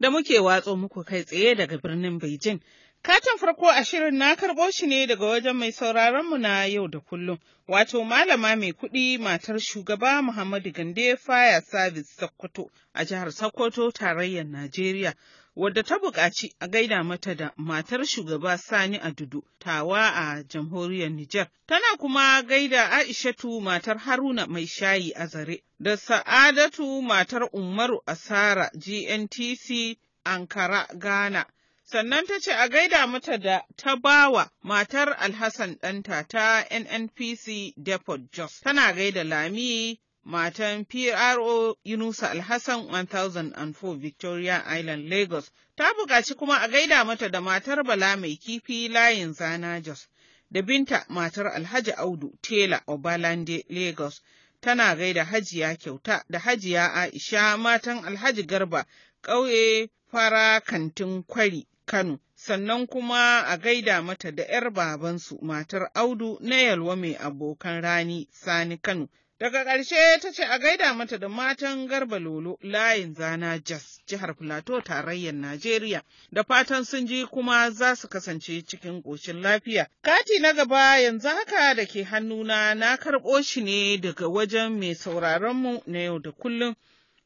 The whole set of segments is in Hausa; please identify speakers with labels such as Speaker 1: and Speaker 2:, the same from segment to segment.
Speaker 1: da muke watso muku kai tsaye daga birnin Beijing Katin farko a shirin na karɓo shi ne daga wajen mai sauraronmu na yau da kullum, wato malama mai kuɗi matar shugaba Muhammadu Gande Fire Service Sokoto a jihar Sokoto tarayyar Najeriya, wadda ta buƙaci a gaida mata da matar shugaba Sani Adudu tawa a jamhuriyar Nijar. Tana kuma gaida Aishatu matar Haruna mai shayi a zare da Sa'adatu matar Umaru Asara GNTC Ankara Ghana. sannan ta ce a gaida mata da ta bawa matar Alhassan ɗanta ta NNPC Depot Jos tana gaida Lami matan PRO Yunusa Alhassan 1004 Victoria Island Lagos ta buƙaci kuma a gaida mata da matar Bala mai kifi layin Zana Jos da binta matar Alhaji Audu Tela Obalande Lagos tana gaida Hajiya Kyauta da Hajiya Aisha matan Alhaji Garba ƙauye fara kantin kwari Kano, sannan kuma a gaida mata da ‘yar babansu matar Audu na Yalwa mai abokan rani Sani Kano. Daga ƙarshe ta ce a gaida mata da matan Garba Lolo layin zana Jas jihar Filato tarayyar Najeriya da fatan sun ji kuma za su kasance cikin ƙoshin lafiya. Kati na gaba yanzu haka da ke hannuna na karɓo shi ne daga wajen mai sauraronmu na yau da kullum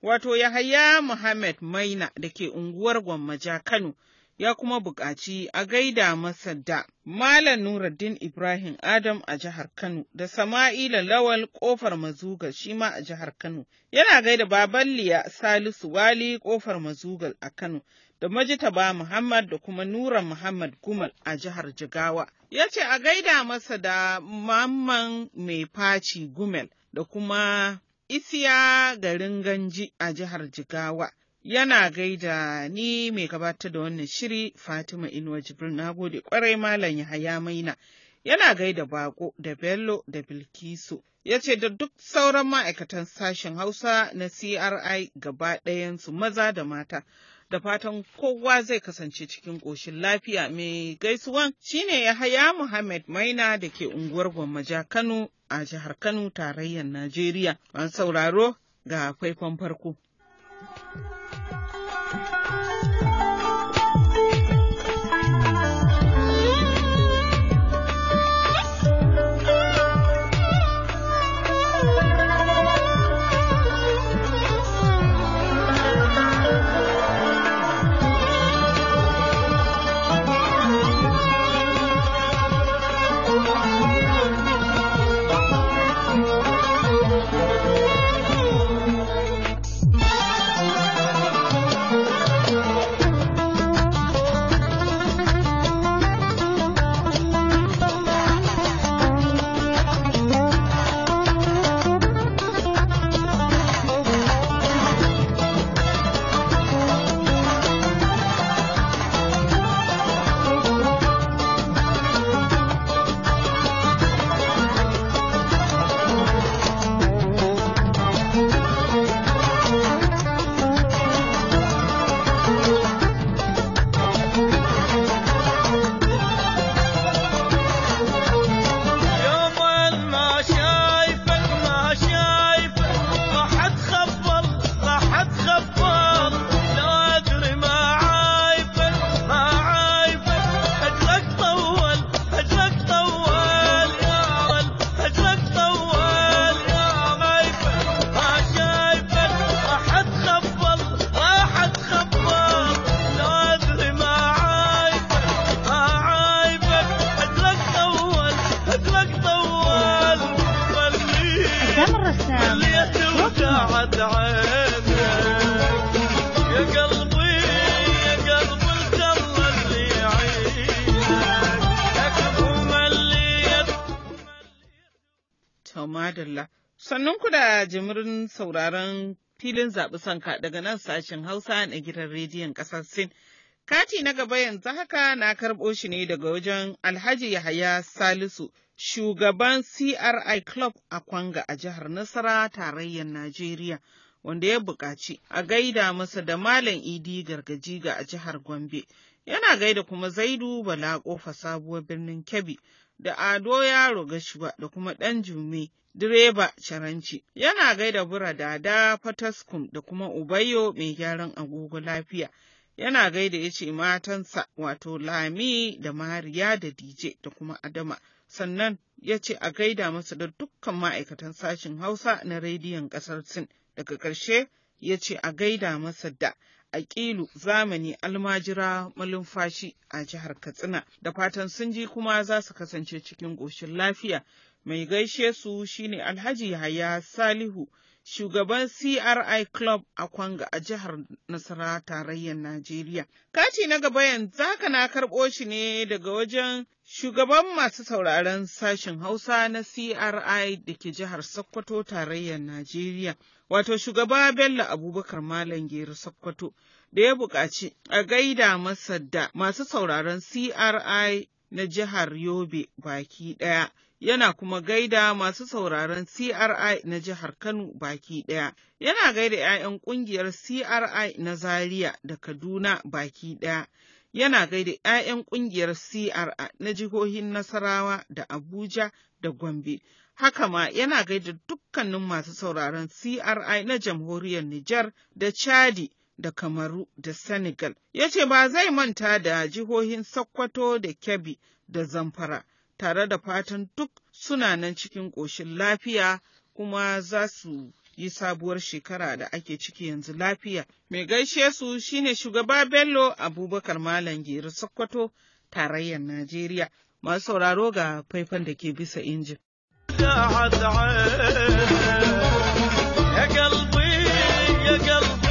Speaker 1: wato Yahaya Muhammad Maina da ke unguwar Gwammaja Kano. ya kuma buƙaci a gaida masa da Malam Nuruddin Ibrahim Adam a jihar Kano da Sama'ila Lawal Ƙofar Mazugal shi ma a jihar Kano. Yana gaida Baballiya Salisu Wali Ƙofar Mazugal a Kano da Majitaba Muhammad da kuma Nura Muhammad Gumal a jihar Jigawa. Ya ce a gaida masa da Mamman Mai Faci Gumel da kuma Isiya Garin Ganji a jihar Jigawa. yana gaida ni mai gabatar da wannan shiri Fatima Inuwa Jibril na gode kwarai Malam Yahaya Maina yana gaida Bako da Bello da Bilkisu ya ce da duk sauran ma'aikatan sashen Hausa na CRI gaba ɗayansu maza da mata. Da fatan kowa zai kasance cikin ƙoshin lafiya mai gaisuwan shine Yahaya Muhammad Maina da ke unguwar Gwammaja Kano a jihar Kano tarayyar Najeriya. An sauraro ga faifan farko. ハハハハ Taumadalla. Sannan ku da jimirin sauraron filin zaɓi sanka daga nan sashen Hausa na gidan rediyon ƙasar Sin. Kati na gaba yanzu haka na karɓo shi ne daga wajen Alhaji Yahaya Salisu, shugaban CRI Club a Kwanga a jihar Nasara tarayyar Najeriya, wanda ya buƙaci a gaida masa da Malam Idi Gargajiga a jihar Gombe. Yana gaida kuma Zaidu Bala ƙofa sabuwar birnin Kebbi. da Ado Yaro Gashuwa da kuma ɗan Jumme direba Caranci. Yana gaida bura dada Fataskum da kuma Ubayo mai gyaran agogo lafiya. Yana gaida ya ce matansa wato Lami da Mariya da DJ da kuma Adama. Sannan ya ce a gaida masa da dukkan ma'aikatan sashen Hausa na rediyon ƙasar Sin. Daga ƙarshe ya ce a gaida masa da aƙilu zamani almajira malumfashi a jihar Katsina da fatan sun ji kuma za su kasance cikin ƙoshin lafiya. Mai gaishe su shine Alhaji Yahaya Salihu shugaban CRI Club a Kwanga a jihar Nasarawa tarayyar Najeriya. Kati na gaba yanzu haka na karɓo shi ne daga wajen shugaban masu sauraron sashen Hausa na CRI da ke jihar Sokoto tarayyar Najeriya, wato shugaba Bello Abubakar Malam Gero Sokoto da ya buƙaci a gaida masa da masu sauraron CRI na jihar Yobe baki ɗaya. yana kuma gaida masu sauraron CRI na jihar Kano baki ɗaya. Yana gaida 'ya'yan ƙungiyar CRI na Zaria da Kaduna baki ɗaya. Yana gaida 'ya'yan ƙungiyar CRI na jihohin Nasarawa da Abuja da Gombe. Haka ma yana gaida dukkanin masu sauraron CRI na jamhuriyar Nijar da Chadi. da Kamaru da Senegal, ya ce ba zai manta da jihohin Sokoto da Kebbi da Zamfara tare da fatan duk suna nan cikin ƙoshin lafiya kuma za su yi sabuwar shekara da ake ciki yanzu lafiya. Mai gaishe su shine shugaba Bello Abubakar Malam Gero Sokoto tarayyar Najeriya. Masu sauraro ga faifan da ke bisa injin.
Speaker 2: يا قلبي يا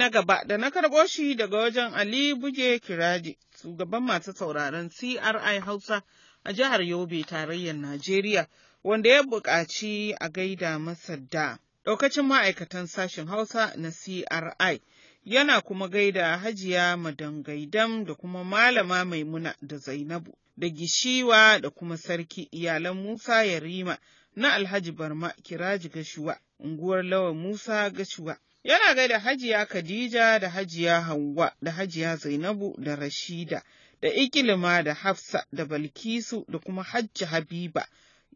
Speaker 1: na gaba da na karɓo shi daga wajen Ali Buge Kiraji, shugaban masu sauraron CRI Hausa a jihar Yobe tarayyar Najeriya, wanda ya buƙaci a gaida masa da ɗaukacin ma'aikatan sashen Hausa na CRI. Yana kuma gaida Hajiya Madangaidam da kuma Malama Maimuna da Zainabu da Gishiwa da kuma Sarki iyalan Musa Yarima na Alhaji Barma Kiraji Gashuwa, unguwar Lawan Musa Gashuwa. Yana gaida Hajiya Khadija da Hajiya Hauwa da Hajiya Zainabu da Rashida da Ikilima da Hafsa da Balkisu da kuma Hajji Habiba,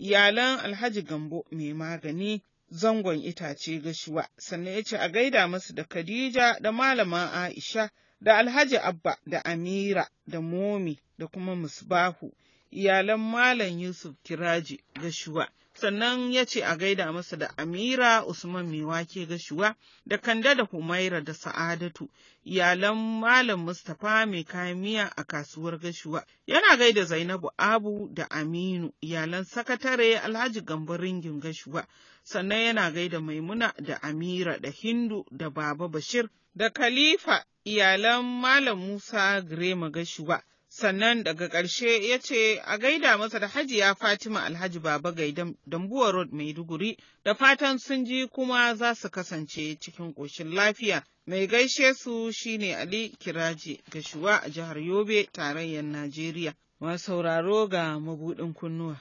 Speaker 1: iyalan Alhaji Gambo mai magani zangon itace gashuwa, sannan ya ce a gaida masu da Khadija da Malama Aisha da Alhaji Abba da Amira da Momi da kuma Musbahu, iyalan Malam Yusuf Kiraji gashuwa. sannan ya ce a gaida masa da Amira Usman Mewake Gashuwa da Kande da Humaira da Sa'adatu iyalan Malam Mustapha mai kayan miya a kasuwar Gashuwa. Yana gaida Zainabu Abu da Aminu iyalan sakatare Alhaji Gambo Ringin Gashuwa sannan yana gaida Maimuna da Amira da Hindu da Baba Bashir da Khalifa iyalan Malam Musa Girema Gashuwa. sannan daga ƙarshe ya ce a gaida masa da hajiya Fatima Alhaji Baba Gai Dambuwa Road Maiduguri da fatan sun ji kuma za su kasance cikin ƙoshin lafiya. Mai gaishe su shine Ali Kiraji Gashuwa a jihar Yobe tarayyar Najeriya. Masu sauraro ga mabuɗin kunnuwa.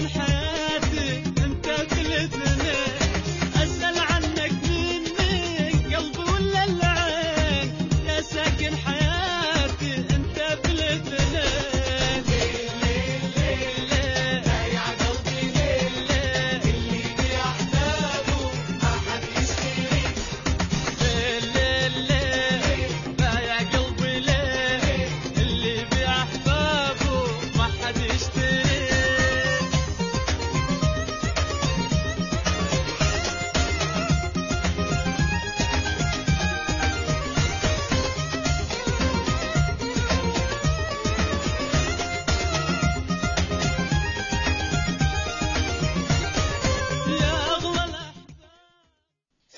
Speaker 1: الحياه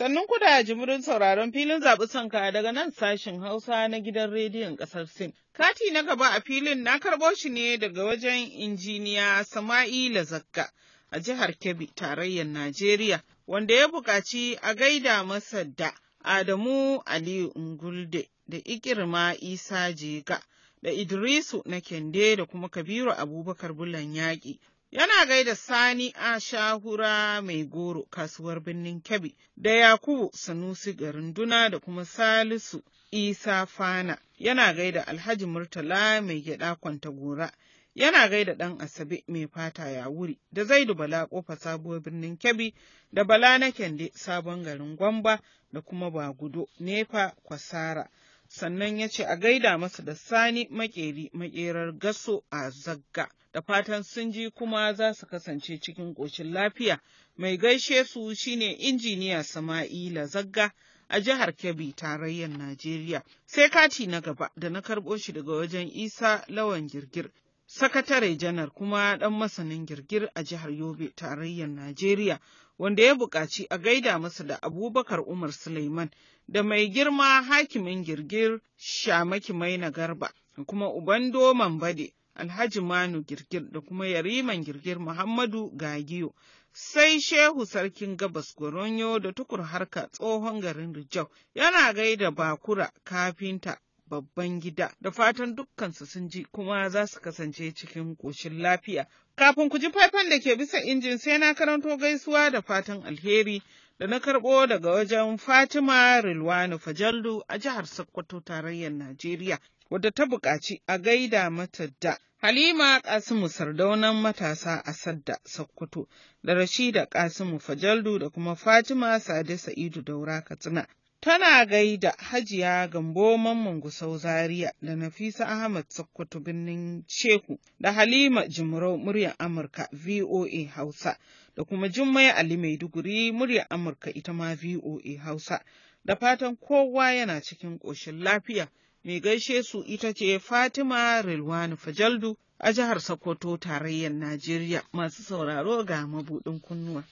Speaker 1: Sannun ku da jimurin sauraron filin zaɓi sanka daga nan sashen Hausa na gidan rediyon ƙasar Sin. Kati na gaba a filin na karɓo shi ne daga wajen injiniya Sama'ila Zakka a jihar Kebbi, tarayyar Najeriya, wanda ya buƙaci a gaida masa da Adamu Aliyu Ngulde da Ikirma Isa Jega. da Idrisu na Kende da kuma Kabiru Abubakar Bulan Yaƙi yana gaida Sani a shahura mai goro kasuwar birnin Kebbi da Yakubu Sanusi garin Duna da kuma Salisu Isa Fana yana gaida Alhaji Murtala mai gyada kwanta gora yana gaida ɗan Asabe mai fata ya wuri da Zaidu Bala kofa sabuwar birnin Kebbi da Bala na Kende sabon garin Gwamba da kuma Bagudo Nefa Kwasara. Sannan ya ce a gaida masa da Sani makeri makerar gaso a Zagga. da fatan sun ji kuma za su kasance cikin ƙoshin lafiya. Mai gaishe su shine injiniya Sama'ila Zagga a jihar Kebbi tarayyar Najeriya. Sai kati na gaba da na karɓo shi daga wajen Isa Lawan Girgir. Sakatare janar kuma ɗan masanin girgir a jihar Yobe tarayyar Najeriya wanda ya buƙaci a gaida masa da Abubakar Umar Suleiman da mai girma hakimin girgir Shamaki Maina Garba kuma Uban Doman Bade. Alhaji Manu Girgir da kuma Yariman Girgir Muhammadu Gagiyo, sai Shehu Sarkin Gabas Goronyo da tukur harka tsohon garin Rijau yana gaida Bakura kafinta babban gida da fatan dukkansu sun ji kuma za su kasance cikin ƙoshin lafiya. Kafin ku ji faifan da ke bisa injin sai na karanto gaisuwa da fatan alheri da na karɓo daga wajen Fatima Rilwani Fajaldu a jihar Sokoto tarayyar Najeriya. wadda ta buƙaci a gaida mata da Halima Kasimu sardaunan matasa a Sadda Sokoto da Rashida Kasimu Fajaldu da kuma Fatima Sade Sa'idu Daura Katsina. Tana gaida Hajiya Gambo Mamman Gusau Zaria da Nafisa Ahmad Sokoto birnin Shehu da Halima Jimrau muryar Amurka VOA Hausa da kuma Jummai Ali Maiduguri muryar Amurka ita ma VOA Hausa da fatan kowa yana cikin ƙoshin lafiya. Mai gaishe su ita ce Fatima Rilwani Fajaldu a jihar Sokoto tarayyar Najeriya masu sauraro ga mabuɗin kunnuwa.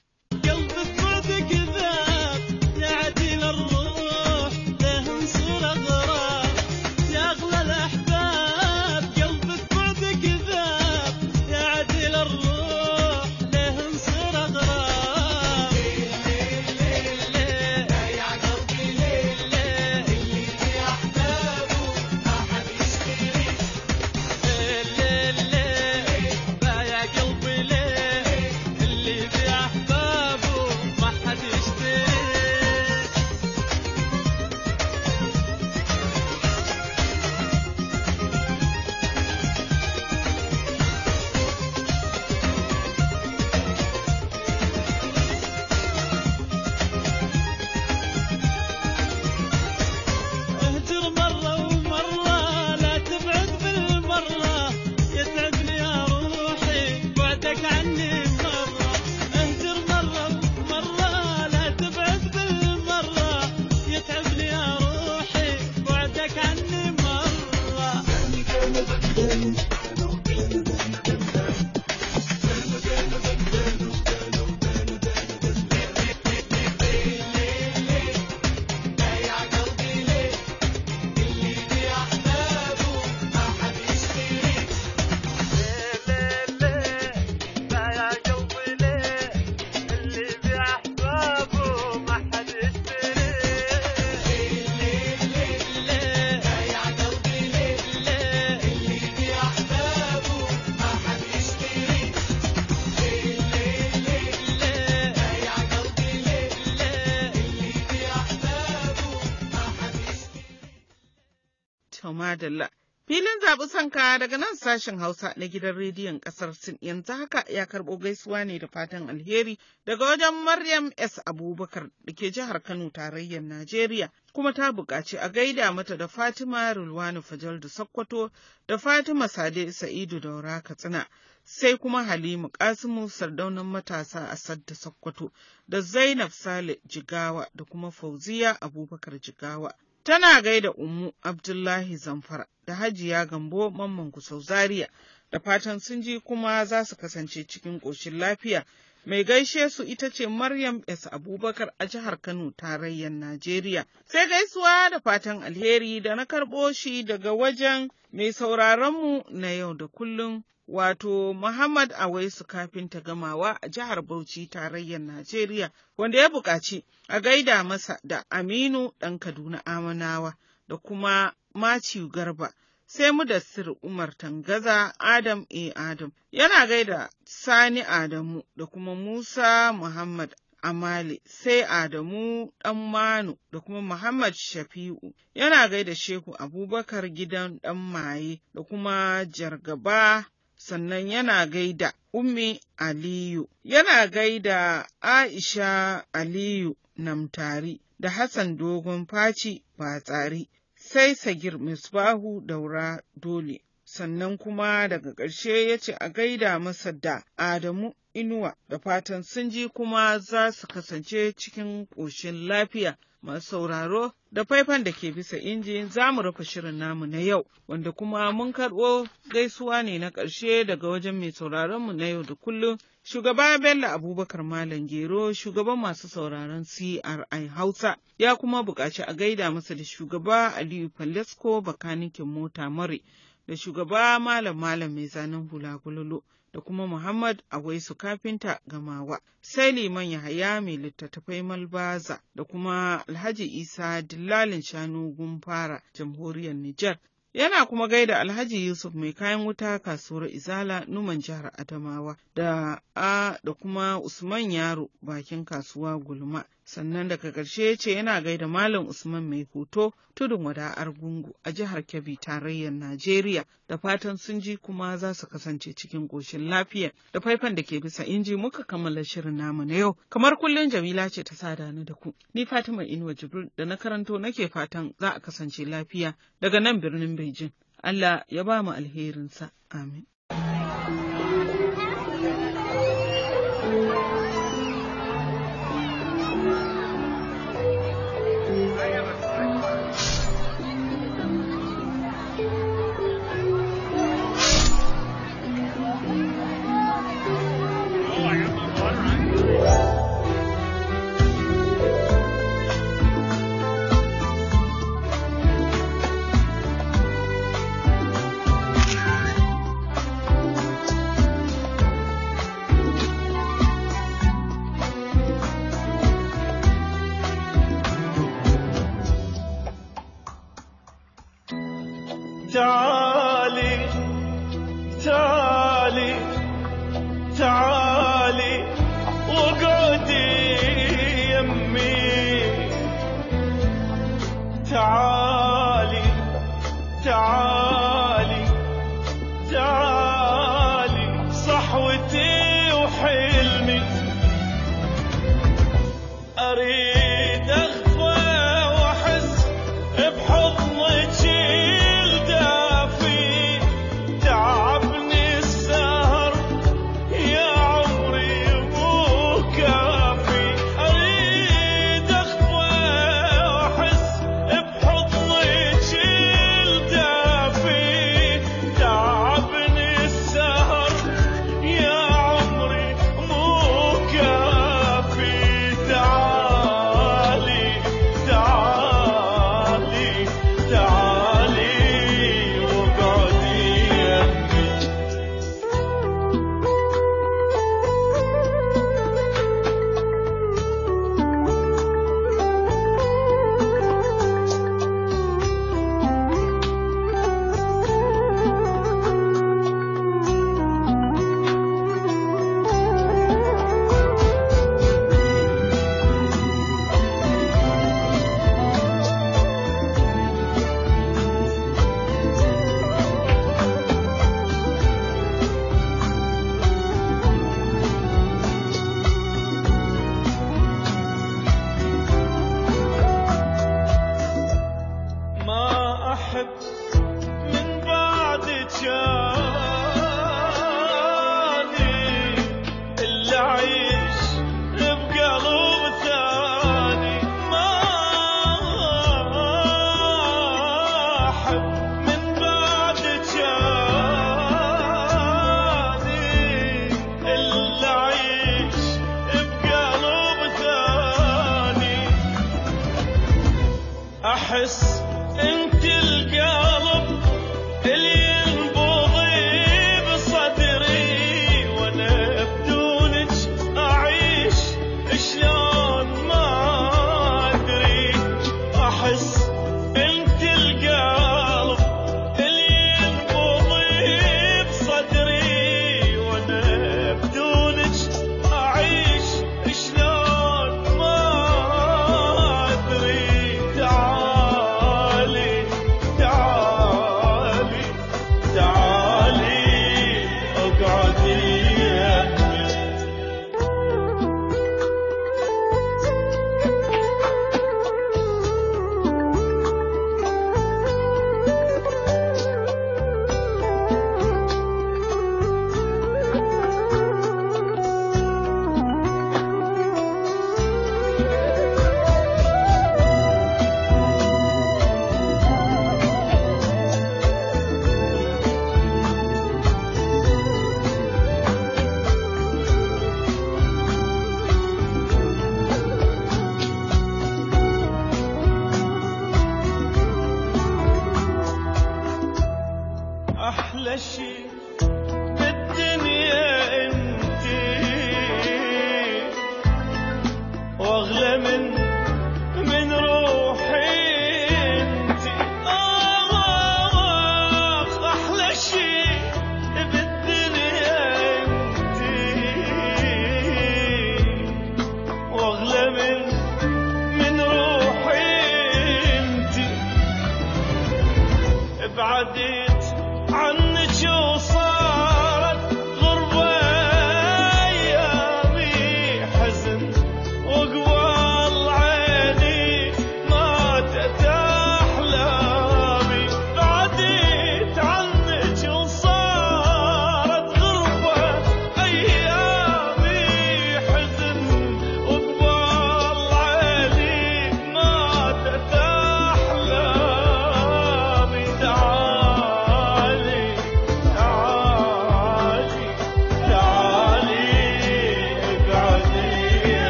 Speaker 1: Madalla. Filin zaɓi sanka daga nan sashen Hausa na gidan rediyon ƙasar Sin yanzu haka ya karɓo gaisuwa ne da fatan alheri daga wajen Maryam S. Abubakar da ke jihar Kano tarayyar Najeriya kuma ta buƙaci a gaida mata da Fatima Rulwani Fajal da Sokoto da Fatima Sade Sa'idu Daura Katsina. sai kuma Halimu Kasimu sardaunan matasa a Sadda Sokoto da Zainab Sale Jigawa da kuma Fauziya Abubakar Jigawa Tana gaida Ummu Abdullahi Zamfara da Hajiya Gambo Mamman Kusau Zaria da fatan sun ji kuma za su kasance cikin ƙoshin lafiya Mai gaishe su ita ce Maryam S. Abubakar a jihar Kano tarayyar Najeriya. Sai gaisuwa da fatan alheri da na karɓo shi daga wajen mai sauraronmu na yau da kullum wato Muhammad Awaisu kafinta gamawa a jihar Bauchi tarayyar Najeriya wanda ya buƙaci a gaida masa da Aminu ɗan Kaduna Amanawa da kuma Matthew Garba sai mu da sir Umar Tangaza Adam A. Adam. Yana gaida Sani Adamu da kuma Musa Muhammad Amali sai Adamu ɗan Manu da kuma Muhammad Shafi'u yana gaida Shehu Abubakar gidan ɗan maye da kuma Jargaba sannan yana gaida Ummi Aliyu yana gaida Aisha Aliyu Namtari da Hassan Dogon Faci Batsari sai Sagir Misbahu daura dole. Sannan kuma daga ƙarshe ya ce a gaida masa da Adamu Inuwa da fatan sun ji kuma za su kasance cikin ƙoshin lafiya. masu sauraro da faifan da ke bisa injin za mu rufe shirin namu na yau wanda kuma mun karɓo gaisuwa ne na ƙarshe daga wajen mai sauraronmu na yau da kullum Shugaba Bello Abubakar Malam Gero shugaban masu sauraron CRI Hausa ya kuma buƙaci a gaida masa da shugaba Aliyu Falesko bakanikin mota mare da shugaba Malam Malam mai zanen hula gululu da kuma Muhammad Awaisu kafinta gamawa sai liman Yahaya mai littattafai Malbaza da kuma Alhaji Isa dillalin shanu gumfara jamhuriyar Nijar Yana kuma gaida Alhaji Yusuf mai kayan wuta kasuwar Izala Numan jihar Adamawa da a da kuma Usman Yaro bakin kasuwa Gulma sannan daga ƙarshe ya ce yana gaida Malam Usman mai hoto tudun wada Argungu a jihar Kebbi tarayyar Najeriya da fatan sun ji kuma za su kasance cikin ƙoshin lafiya da faifan da ke bisa inji muka kammala shirin namu na yau kamar kullum Jamila ce ta sada ni da ku ni Fatima Inuwa Jibril da na karanto nake fatan za a kasance lafiya daga nan birnin Beijing Allah ya ba mu alherinsa amin